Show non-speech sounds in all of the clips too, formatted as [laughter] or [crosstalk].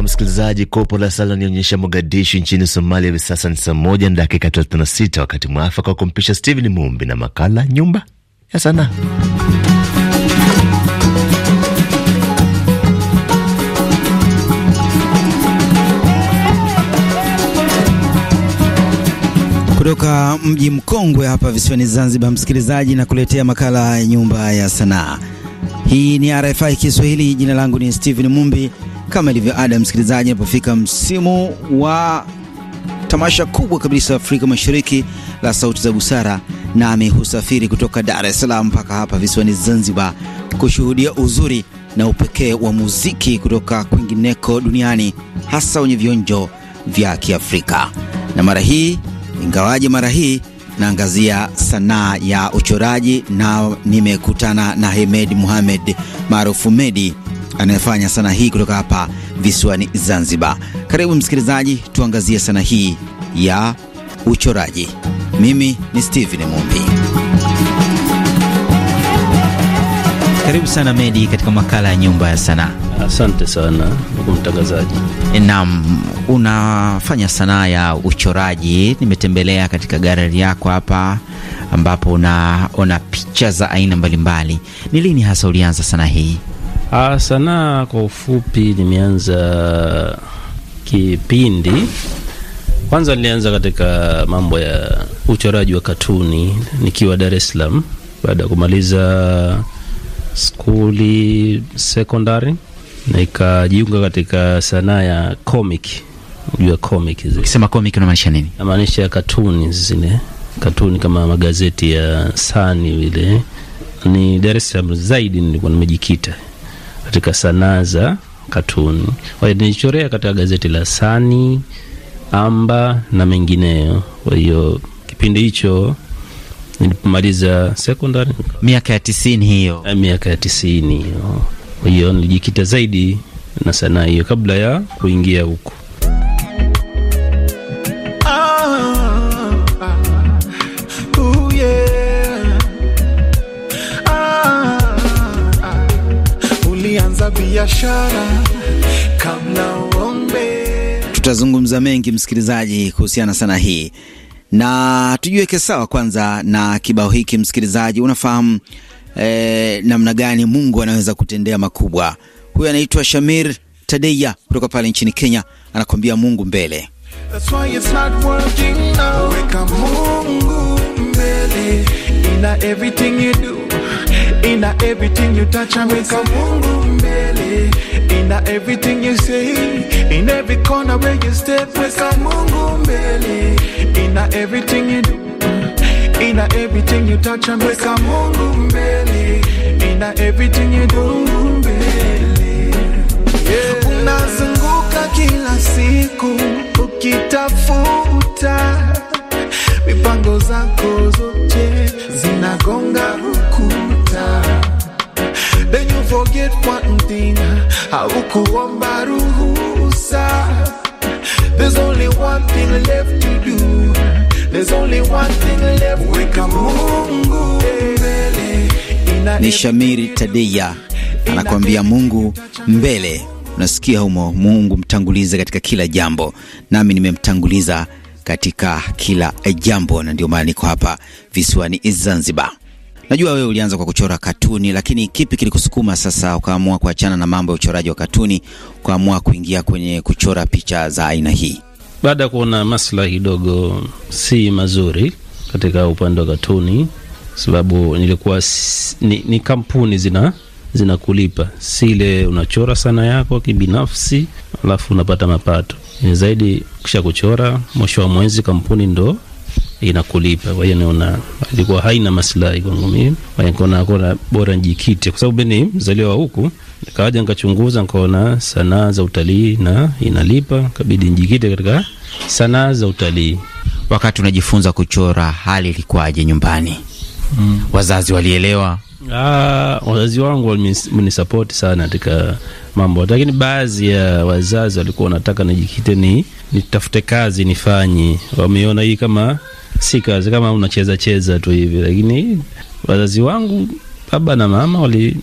Kumbuka msikilizaji, kopo la sala linaonyesha Mogadishu nchini Somalia hivi sasa ni saa moja na dakika 36, wakati mwafaka wa kumpisha Steven Mumbi na makala Nyumba ya Sanaa. Kutoka mji mkongwe hapa visiwani Zanzibar, msikilizaji, na kuletea makala ya Nyumba ya Sanaa. Hii ni RFI Kiswahili. Jina langu ni Steven Mumbi kama ilivyo ada, msikilizaji, anapofika msimu wa tamasha kubwa kabisa Afrika Mashariki la Sauti za Busara, nami husafiri kutoka Dar es Salaam mpaka hapa visiwani Zanzibar kushuhudia uzuri na upekee wa muziki kutoka kwingineko duniani, hasa wenye vionjo vya Kiafrika. Na mara hii ingawaje, mara hii naangazia sanaa ya uchoraji, na nimekutana na Hemed Muhamed maarufu Medi anayefanya sanaa hii kutoka hapa visiwani Zanzibar. Karibu msikilizaji, tuangazie sanaa hii ya uchoraji. Mimi ni Steven Mumbi. Karibu sana Medi katika makala ya nyumba ya sanaa. Asante sana ndugu mtangazaji. Naam, unafanya sanaa ya uchoraji. Nimetembelea katika gallery yako hapa ambapo unaona picha za aina mbalimbali. Ni lini hasa ulianza sanaa hii? Ah, sanaa kwa ufupi nimeanza kipindi kwanza, nilianza katika mambo ya uchoraji wa katuni nikiwa Dar es Salaam baada ya kumaliza skuli sekondari, nikajiunga katika sanaa ya comic. Unajua comic zile, ukisema comic unamaanisha nini? Namaanisha katuni zile, katuni kama magazeti ya Sani vile. Ni Dar es Salaam zaidi nilikuwa nimejikita katika sanaa za katuni. Kwa hiyo nilichorea katika gazeti la Sani, Amba na mengineyo. Kwa hiyo kipindi hicho nilipomaliza sekondari, miaka ya tisini hiyo, eh, miaka ya tisini hiyo. Kwa hiyo nilijikita zaidi na sanaa hiyo kabla ya kuingia huko. biashara kama uombe. Tutazungumza mengi msikilizaji, kuhusiana sana hii na tujiweke sawa kwanza na kibao hiki. Msikilizaji, unafahamu eh, namna gani Mungu anaweza kutendea makubwa. Huyu anaitwa Shamir Tadeya kutoka pale nchini Kenya, anakwambia Mungu mbele. That's why it's not working now. Weka Mungu mbele everything you do. Ina everything you touch, make ameweka Mungu mbele. Ina everything you say, in every corner where you step, make weka Mungu mbele. Ina everything you do, ina everything you touch, make ameweka Mungu mbele. Ina everything you do, mbele. Yeah. Unazunguka kila siku ukitafuta mipango zako zote zinagonga forget one thing, haukuomba ruhusa. There's only one thing left to do. There's only one thing left. Weka Mungu mbele. Ni Shamiri Tadeya anakuambia Mungu mbele. Unasikia humo, Mungu mtangulize katika kila jambo, nami nimemtanguliza katika kila jambo, na ndio maana niko hapa visiwani Zanzibar. Najua wewe ulianza kwa kuchora katuni, lakini kipi kilikusukuma sasa ukaamua kuachana na mambo ya uchoraji wa katuni ukaamua kuingia kwenye kuchora picha za aina hii? Baada ya kuona maslahi kidogo si mazuri katika upande wa katuni, sababu nilikuwa ni, ni kampuni zina zinakulipa, si ile unachora sana yako kibinafsi alafu unapata mapato ni zaidi. Kisha kuchora, mwisho wa mwezi kampuni ndo inakulipa. Kwa hiyo niona ilikuwa haina maslahi kwangu mimi, kwa hiyo nikaona kona bora njikite, kwa sababu mimi ni mzaliwa huku. Nikaja nikachunguza nikaona sanaa za utalii na inalipa, kabidi njikite katika sanaa za utalii. Wakati unajifunza kuchora, hali ilikuwaje nyumbani? Mm. Wazazi walielewa? Ah, wazazi wangu wamenisapoti sana katika mambo, lakini baadhi ya wazazi walikuwa wanataka nijikite, ni nitafute kazi nifanye, wameona hii kama si kazi kama unacheza cheza tu hivi, lakini wazazi wangu baba na mama wali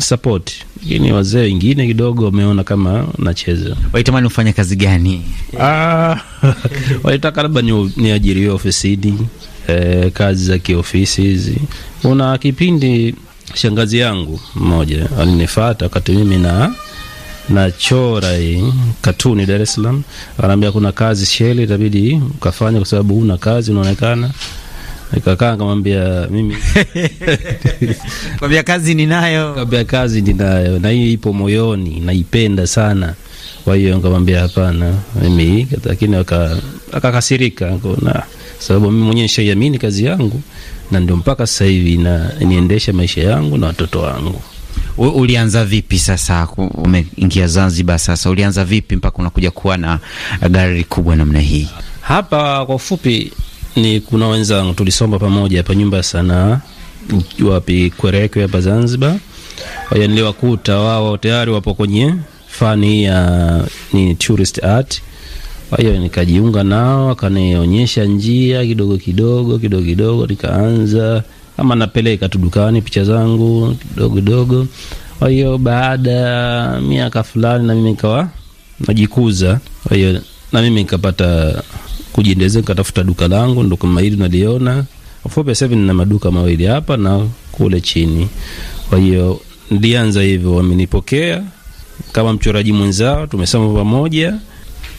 support, lakini wazee wengine kidogo wameona kama nacheza. Walitamani ufanye kazi gani? Ah, [laughs] walitaka labda ni, ni ofisini, eh, kazi za kiofisi hizi. Kuna kipindi shangazi yangu mmoja alinifuata wakati mimi na nachora hii katuni Dar es Salaam, anaambia kuna kazi sheli, itabidi ukafanya kwa sababu una kazi unaonekana. Nikakaa kamwambia mimi [laughs] kwambia kazi ninayo, kwambia kazi ninayo na hii ipo moyoni, naipenda sana kwa hiyo nikamwambia hapana, mimi lakini akakasirika, na sababu mimi mwenyewe nishaiamini kazi yangu, na ndio mpaka sasa hivi na niendesha maisha yangu na watoto wangu. U, ulianza vipi sasa? Umeingia Zanzibar sasa, ulianza vipi mpaka unakuja kuwa na gari kubwa namna hii? Hapa kwa ufupi ni kuna wenzangu tulisoma pamoja hapa nyumba ya sanaa wapi Kwerekwe hapa Zanzibar. Kwa hiyo niliwakuta wao tayari wapo kwenye fani ya ni tourist art. Kwa hiyo nikajiunga nao, akanionyesha njia kidogo kidogo kidogo kidogo, nikaanza ama napeleka tu dukani picha zangu kidogo kidogo. Kwa hiyo baada ya miaka fulani na mimi nikawa najikuza, kwa hiyo na mimi nikapata kujiendeleza, nikatafuta duka langu, ndo kama hili naliona Fope Seven, na maduka mawili hapa na kule chini. Kwa hiyo nilianza hivyo, wamenipokea kama mchoraji mwenzao, tumesoma pamoja,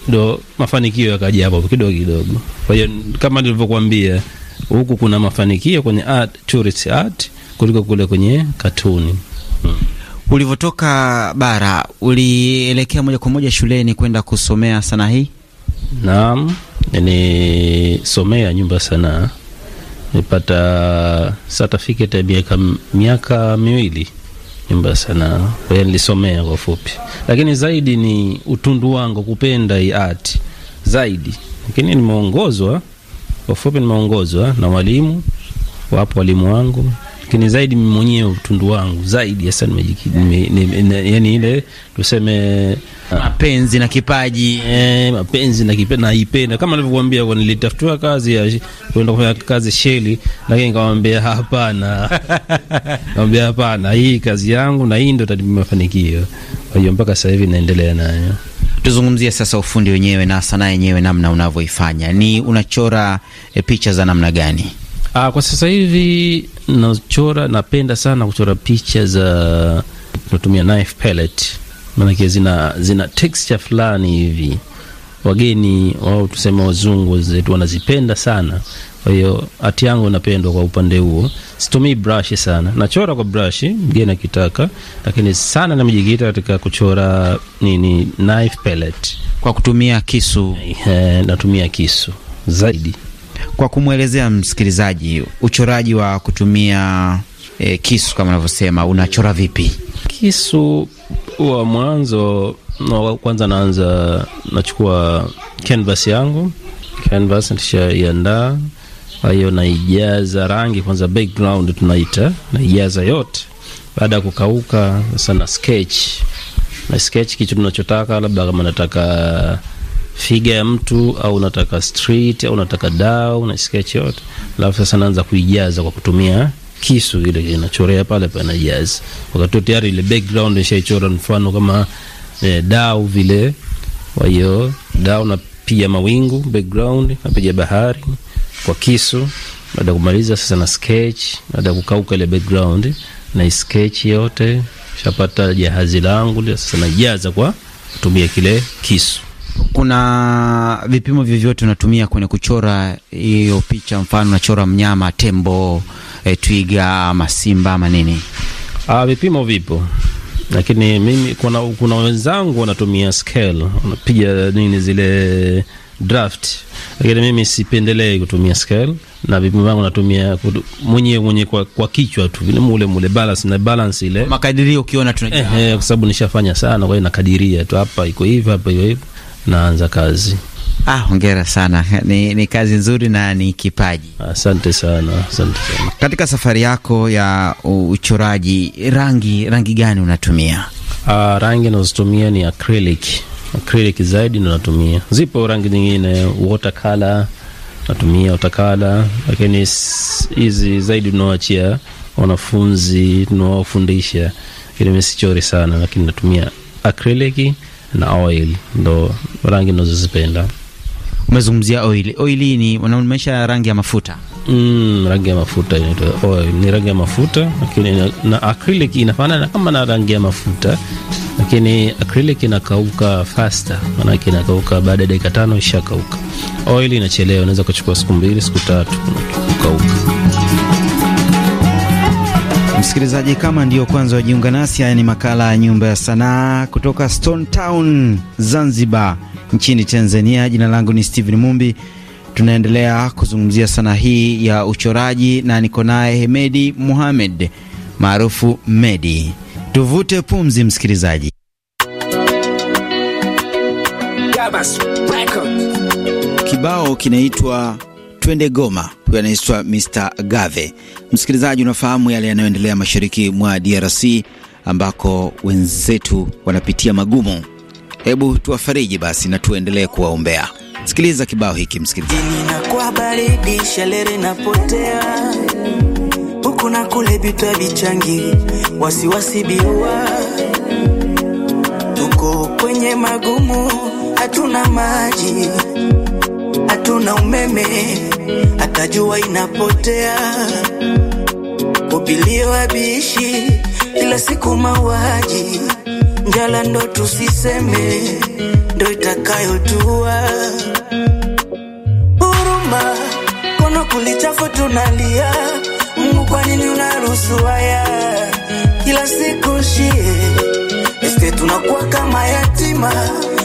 ndo mafanikio yakaja hapo kidogo kidogo. Kwa hiyo kama nilivyokuambia huku kuna mafanikio kwenye art, tourist art kuliko kule kwenye katuni hmm. Ulivyotoka bara ulielekea moja kwa moja shuleni kwenda kusomea sanaa hii? Naam, nilisomea nyumba sanaa, nipata certificate ya miaka miaka miwili nyumba sanaa. Kwa hiyo nilisomea kwa fupi, lakini zaidi ni utundu wangu kupenda hii art zaidi, lakini nimeongozwa ufupi, nimeongozwa eh, na walimu, wapo walimu wangu, lakini zaidi mimi mwenyewe utundu wangu zaidi hasa yani ile tuseme ah, mapenzi na kipaji eh, mapenzi na kipaji naipenda, kama nilivyokuambia, kwa nilitafutua kazi ya kwenda kufanya kazi Sheli, lakini nikamwambia hapana, [laughs] nikamwambia hapana, hii kazi yangu na hii ndio itanipa mafanikio. Kwa hiyo mpaka sasa hivi naendelea nayo. Tuzungumzie sasa ufundi wenyewe na sanaa yenyewe, namna unavyoifanya, ni unachora e, picha za namna gani? Aa, ah, kwa sasa hivi nachora, napenda sana kuchora picha za natumia knife palette, maanake zina, zina texture fulani hivi wageni wao tuseme wazungu zetu wanazipenda sana kwa hiyo hati yangu napendwa kwa upande huo. Situmii brush sana, nachora kwa brush mgeni akitaka, lakini sana namejikita katika kuchora nini, knife pellet kwa kutumia kisu. He, eh, natumia kisu zaidi. Kwa kumwelezea msikilizaji, uchoraji wa kutumia e, kisu kama unavyosema, unachora vipi? Kisu wa mwanzo no, kwanza naanza nachukua canvas yangu, canvas iandaa kwa hiyo naijaza rangi kwanza, background tunaita, naijaza yote. Baada ya kukauka sasa, na sketch na sketch kitu tunachotaka, labda kama nataka figa ya mtu au nataka street au nataka dao, na sketch yote, alafu sasa naanza kuijaza kwa kutumia kisu ile inachorea pale pale, naijaza wakati tayari ile background ishaichora, mfano kama eh, dao vile. Kwa hiyo dao na pia mawingu background, napiga bahari kwa kisu, baada ya kumaliza sasa na sketch, baada ya kukauka ile background na sketch yote, shapata jahazi langu sasa, najaza kwa kutumia kile kisu. Kuna vipimo vyovyote unatumia kwenye kuchora hiyo picha? Mfano unachora mnyama tembo, e, twiga ama simba ama nini? Ah, vipimo vipo lakini mimi kuna, kuna wenzangu wanatumia scale, wanapiga nini zile draft, lakini mimi sipendelei kutumia scale na vipimo vyangu natumia mwenyewe mwenyewe kwa, kwa kichwa tu vile mule mule balance na balance ile makadirio ukiona tunajua eh, eh, kwa sababu nishafanya sana, kwa hiyo nakadiria tu hapa iko hivi hapa hiyo hivi naanza kazi. Ah, hongera sana. Ni, ni kazi nzuri na ni kipaji. Asante sana, asante sana. Katika safari yako ya uchoraji rangi rangi gani unatumia? Ah, rangi nazotumia ni acrylic acrylic zaidi ndo natumia. Zipo rangi nyingine watercolor natumia watercolor, lakini hizi zaidi tunawachia wanafunzi tunawafundisha, lakini mimi sichori sana, lakini natumia acrylic na oil, ndo rangi nazozipenda. Umezungumzia oil. Oil ni unaonesha rangi ya mafuta Mm, rangi ya mafuta inaitwa oil. Oh, ni rangi ya mafuta lakini na acrylic inafanana kama na rangi ya mafuta lakini acrylic inakauka faster, maanake inakauka baada ya dakika tano ishakauka. Oil inachelewa, unaweza kuchukua siku mbili siku tatu kukauka. Msikilizaji, kama ndiyo kwanza wajiunga nasi, haya ni makala ya Nyumba ya Sanaa kutoka Stone Town, Zanzibar, nchini Tanzania. Jina langu ni Steven Mumbi Tunaendelea kuzungumzia sanaa hii ya uchoraji na niko naye Hemedi muhamed maarufu Medi. Tuvute pumzi, msikilizaji. Kibao kinaitwa Twende Goma, huyo anaitwa Mr Gave. Msikilizaji, unafahamu yale yanayoendelea mashariki mwa DRC ambako wenzetu wanapitia magumu. Hebu tuwafariji basi na tuendelee kuwaombea. Sikiliza kibao hiki msikilizaji. Inakuwa baridi, shalere napotea huku na kule, bitwa vichangi wasiwasi biua, tuko kwenye magumu, hatuna maji, hatuna umeme, hata jua inapotea, ubilio bishi kila siku mauaji, njala ndo tusiseme ndo itakayotua huruma kono kulichafu tunalia Mungu kwa nini unaruhusu haya kila siku shie este tunakuwa kama yatima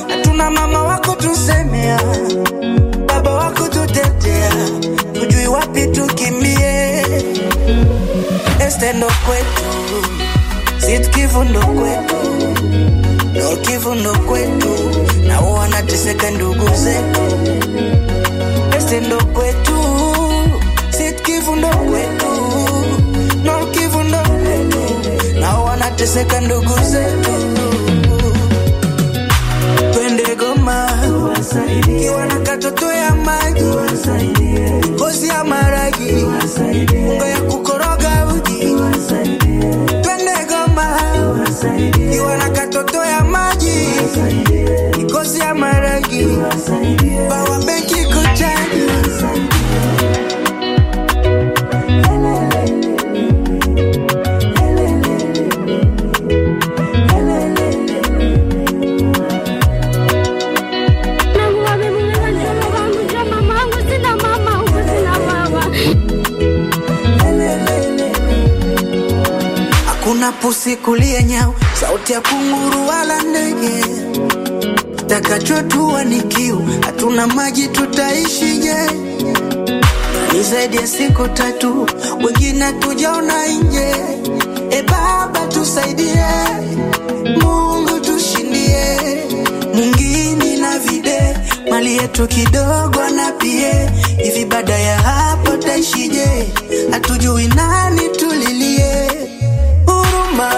hatuna mama wako tusemea baba wako tutetea tujui wapi tukimbie este ndo kwetu Sitkivu ndo kwetu, ndo Kivu ndo kwetu, nao wanateseka ndugu este ndo kwetu, Sit Kivu ndo kwetu, Nord Kivu ndo kwetu, nao wanateseka ndugu twende Goma kiwa na katoto ya maji kozi ya maji ya maragi bawa benki kuchani pusi kulia nyau, sauti ya kunguru wala ndege takachotua ni kiu, hatuna maji tutaishije? Ni zaidi ya siku tatu, wengine tujaona nje. E Baba tusaidie, Mungu tushindie, mungini na vide mali yetu kidogo na pie hivi, baada ya hapo taishije? Hatujui nani tulilie, huruma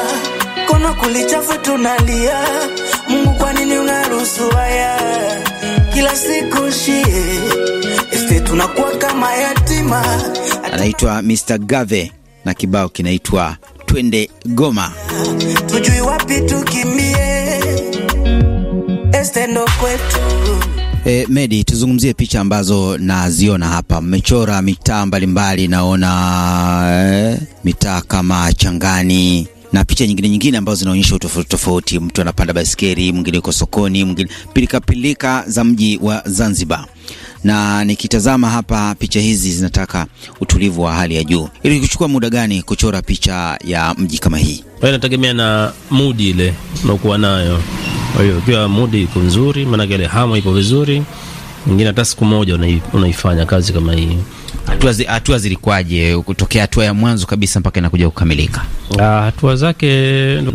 kono kulichafu tunalia nusu haya kila siku shie este tunakuwa kama yatima. Anaitwa Mr Gave na kibao kinaitwa Twende Goma, tujui wapi tukimie, este ndo kwetu. E, Medi, tuzungumzie picha ambazo naziona hapa. Mmechora mitaa mbalimbali, naona e, mitaa kama Changani na picha nyingine nyingine ambazo zinaonyesha utofauti tofauti. Mtu anapanda baiskeli, mwingine yuko sokoni, mwingine pilikapilika za mji wa Zanzibar. Na nikitazama hapa, picha hizi zinataka utulivu wa hali ya juu. Ili kuchukua muda gani kuchora picha ya mji kama hii? Kwa hiyo inategemea na mudi ile nakuwa nayo. Kwa hiyo ukiwa mudi iko nzuri, maanake ile hamu iko vizuri, mwingine hata siku moja unaifanya kazi kama hii Hatua zilikwaje zilikuwaje kutokea hatua ya mwanzo kabisa mpaka inakuja kukamilika? Ah, hatua zake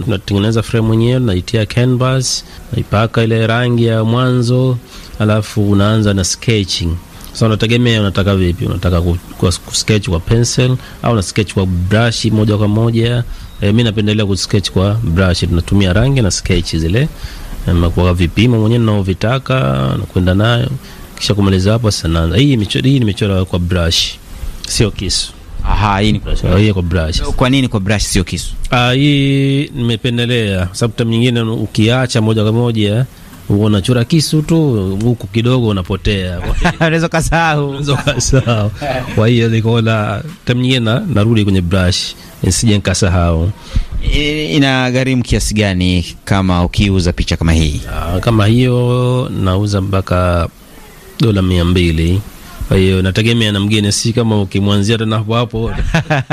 tunatengeneza fremu yenyewe, tunaitia canvas, naipaka ile rangi ya mwanzo, alafu unaanza na sketching. Sasa unategemea unataka vipi, unataka kusketch kwa pencil au na sketch kwa brush moja kwa moja. E, mi napendelea kusketch kwa brush, tunatumia rangi na sketch zile kwa vipimo mwenyewe naovitaka nakwenda nayo kisha kumaliza hapo sasa naanza hii michoro. Hii nimechora kwa brush, sio kisu. Aha, hii ni brush. Hii kwa brush. Kwa nini kwa brush sio kisu? Ah, hii nimependelea sababu tam nyingine ukiacha moja kwa moja unachora kisu tu huku kidogo unapotea, [laughs] unaweza kasahau, unaweza kasahau. Kwa hiyo nikaona tam nyingine narudi kwenye brush nisije nikasahau. Ina gharimu kiasi gani kama ukiuza picha kama hii? Aa, ah, kama hiyo nauza mpaka dola mia mbili kwa hiyo nategemea na mgeni, si kama ukimwanzia tena hapo hapo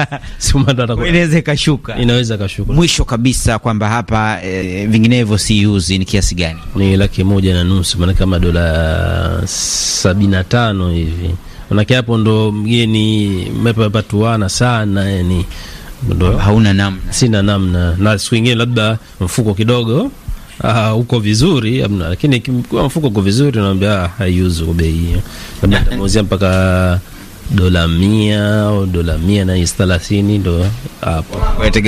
[laughs] inaweza ikashuka, inaweza ikashuka mwisho kabisa kwamba hapa e, vinginevyo siuzi ni kiasi gani? Ni laki moja na nusu, maanake kama dola sabini na tano hivi, manake hapo ndo mgeni mepapatuana sana, yani ndo hauna namna, sina namna, na siku ingine labda mfuko kidogo uh, uko vizuri amna, lakini kwa mfuko uko vizuri, naambia kwa ah, bei, labda nitamuuzia mpaka dola mia au dola mia na thelathini ndo hapo,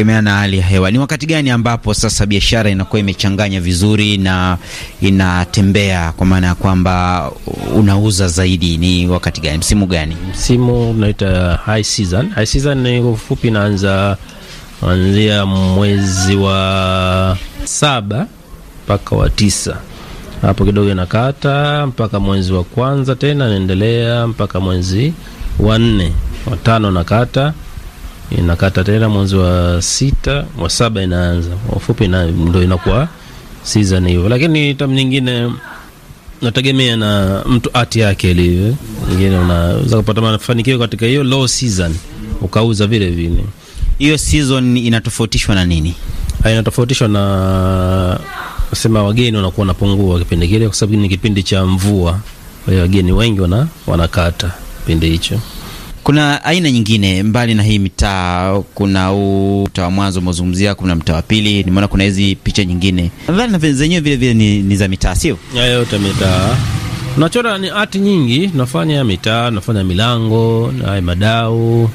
na hali ya hewa. Ni wakati gani ambapo sasa biashara inakuwa imechanganya vizuri na inatembea, kwa maana ya kwamba unauza zaidi? Ni wakati gani, msimu gani? Msimu unaita high season. High season ni ufupi, inaanza kuanzia mwezi wa saba mpaka wa tisa hapo kidogo inakata mpaka mwezi wa kwanza, tena inaendelea mpaka mwezi wa nne, wa tano nakata inakata tena mwezi wa sita, wa saba inaanza. Kwa na, ndo inakuwa season hiyo, lakini tam nyingine nategemea na mtu ati yake ilivyo. Nyingine unaweza kupata mafanikio katika hiyo low season ukauza vile vile. Hiyo season inatofautishwa na nini? Ah, inatofautishwa na kusema wageni wanakuwa wanapungua kipindi kile, kwa sababu ni kipindi cha mvua. Kwa hiyo wageni wengi wana, wanakata kipindi hicho. Kuna aina nyingine mbali na hii mitaa, kuna huu mtaa wa mwanzo umeozungumzia, kuna mtaa wa pili, nimeona kuna hizi picha nyingine, nadhani na zenyewe vile vile ni, ni za mitaa, sio yote mitaa tunachora ni hati nyingi, tunafanya mitaa, tunafanya milango na madau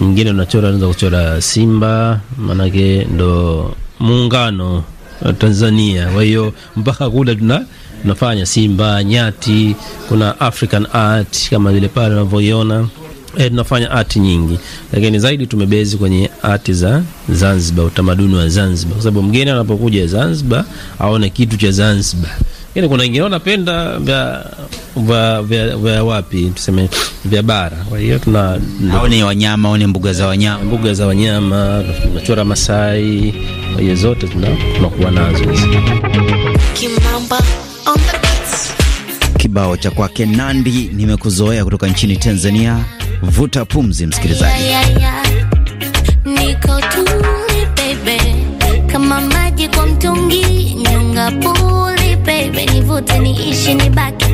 mwingine, unachora unaweza kuchora simba, maanake ndo muungano Tanzania. Kwa hiyo mpaka kule tuna tunafanya Simba Nyati, kuna African art kama vile pale unavyoiona. E, tunafanya art nyingi, lakini zaidi tumebezi kwenye art za Zanzibar, utamaduni wa Zanzibar, kwa sababu mgeni anapokuja Zanzibar aone kitu cha Zanzibar. Yani, kuna wengine wanapenda vya, vya, vya, vya wapi tuseme vya bara. Kwa hiyo tuna aone wanyama, aone mbuga za wanyama, mbuga za wanyama, tunachora Masai hiyo zote tunakuwa nazo hizi. Kibao cha kwake Nandi nimekuzoea kutoka nchini Tanzania. Vuta pumzi, msikilizaji. Niko tu baby, kama maji kwa mtungi, nyonga puli baby, nivute niishi nibaki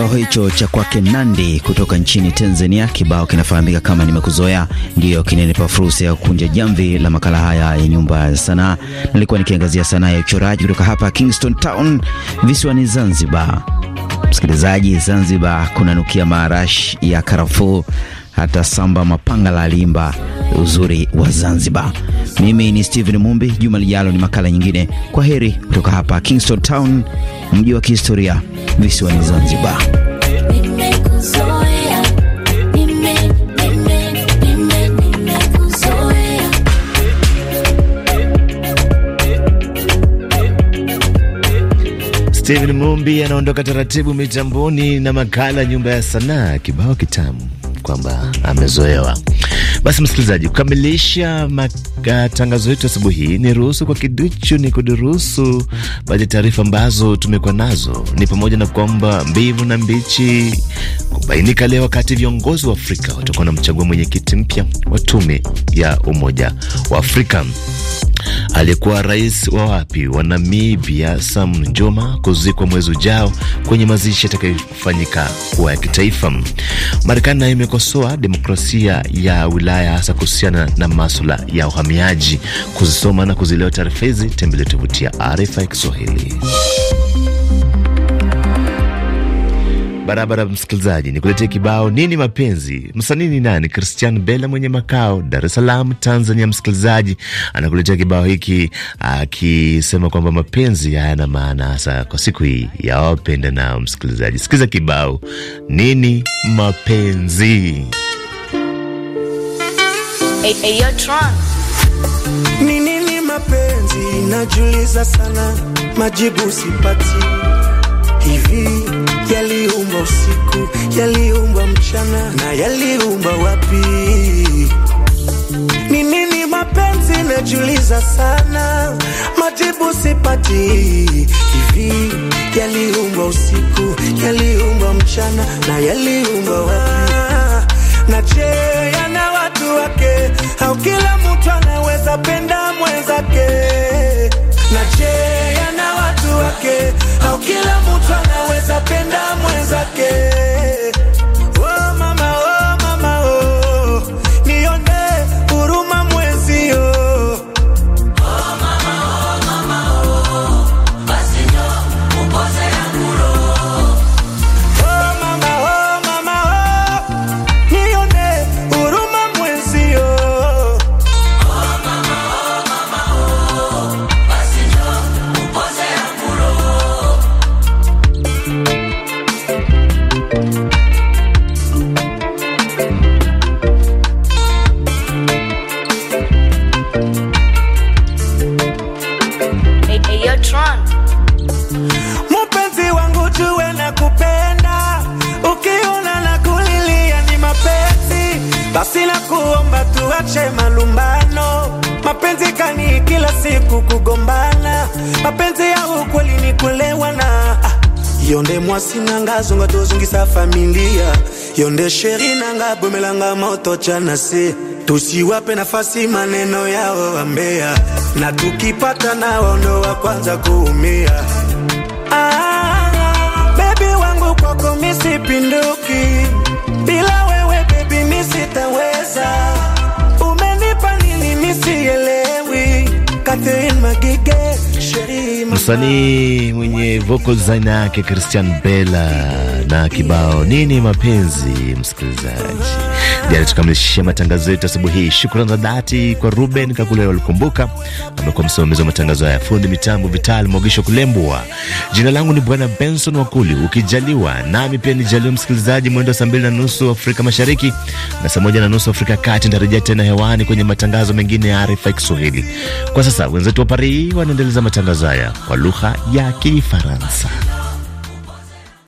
Kibao hicho cha kwake Nandi kutoka nchini Tanzania, kibao kinafahamika kama Nimekuzoea, ndiyo kinanipa fursa ya kukunja jamvi la makala haya ya Nyumba ya Sanaa. Nilikuwa nikiangazia sanaa ya uchoraji kutoka hapa Kingston Town visiwani Zanzibar. Msikilizaji, Zanzibar kunanukia maarashi ya karafuu hata Samba Mapangala limba uzuri wa Zanzibar. Mimi ni Steven Mumbi. Juma lijalo ni makala nyingine. Kwa heri kutoka hapa Kingston Town, mji wa kihistoria visiwani Zanzibar. Steven Mumbi anaondoka taratibu mitamboni na makala nyumba ya sanaa, kibao kitamu kwamba amezoewa. Basi msikilizaji, kukamilisha matangazo yetu asubuhi, ni ruhusu kwa kiduchu ni kudurusu baadhi ya taarifa ambazo tumekuwa nazo, ni pamoja na kwamba mbivu na mbichi kubainika leo wakati viongozi wa Afrika watakuwa na mchagua mwenyekiti mpya wa tume ya Umoja wa Afrika. Aliyekuwa rais wa wapi wa Namibia Sam Njoma kuzikwa mwezi ujao kwenye mazishi yatakayofanyika kuwa ya kitaifa. Marekani nayo imekosoa demokrasia ya wilaya Ulaya, hasa kuhusiana na maswala ya uhamiaji. Kuzisoma na kuzilewa taarifa hizi, tembele tovuti ya RFI Kiswahili. Barabara msikilizaji, kuletea kibao nini mapenzi. Msanii ni nani? Christian Bella mwenye makao Dar es Salaam, Tanzania. Msikilizaji anakuletea kibao hiki akisema kwamba mapenzi hayana maana, hasa kwa siku hii ya wapenda nao. Msikilizaji, sikiza kibao nini mapenzi. Hey, eh, eh, hey, ni nini mapenzi? Najuliza sana, majibu sipati. Hivi yaliumba usiku, yaliumba mchana, na yaliumba wapi? Ni nini mapenzi? Najuliza sana, majibu sipati. Hivi yaliumba usiku, yaliumba mchana, na yaliumba wapi? na je au kila mtu anaweza penda mwenzake na cheya na watu wake au kila mtu anaweza penda mwenzake bazonga tozongisa familia yo nde sheri nanga bomelanga moto tya na se tusiwape mpe na fasi maneno ya oambeya natukipata na ondo wa kwanza kuumia msanii mwenye vocal aina yake Christian Bella na kibao nini mapenzi, msikilizaji Tukamilishia matangazo yetu asubuhi hii. Shukrani za dhati kwa Ruben Kakule walikumbuka, amekuwa msimamizi wa matangazo haya, fundi mitambo Vital Mogisho Kulembwa. Jina langu ni Bwana Benson Wakuli. Ukijaliwa nami pia nijaliwa, msikilizaji, mwendo wa saa mbili na nusu Afrika Mashariki na saa moja na nusu Afrika Kati nitarejea tena hewani kwenye matangazo mengine ya RFI Kiswahili. Kwa sasa wenzetu wa Paris wanaendeleza matangazo haya kwa lugha ya Kifaransa.